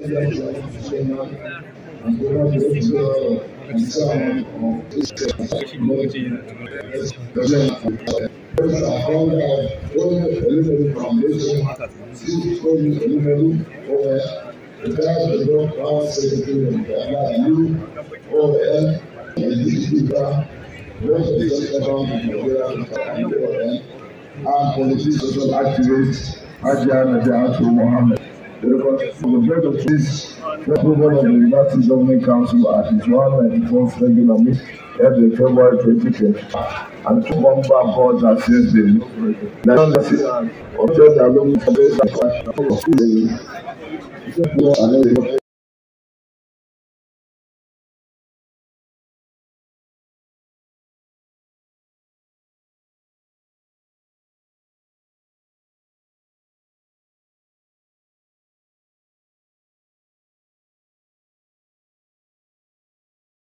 Our politicians activate Ajay Najah to Mohammed. The representative of this approval of the United Governing Council at its 194th regular meeting held in February 2020 and two member boards at since then. Nigerian ọjọ́ ìdàlóhùn fún bẹ́ẹ̀ sàkóso ìṣẹ́gun àlejò.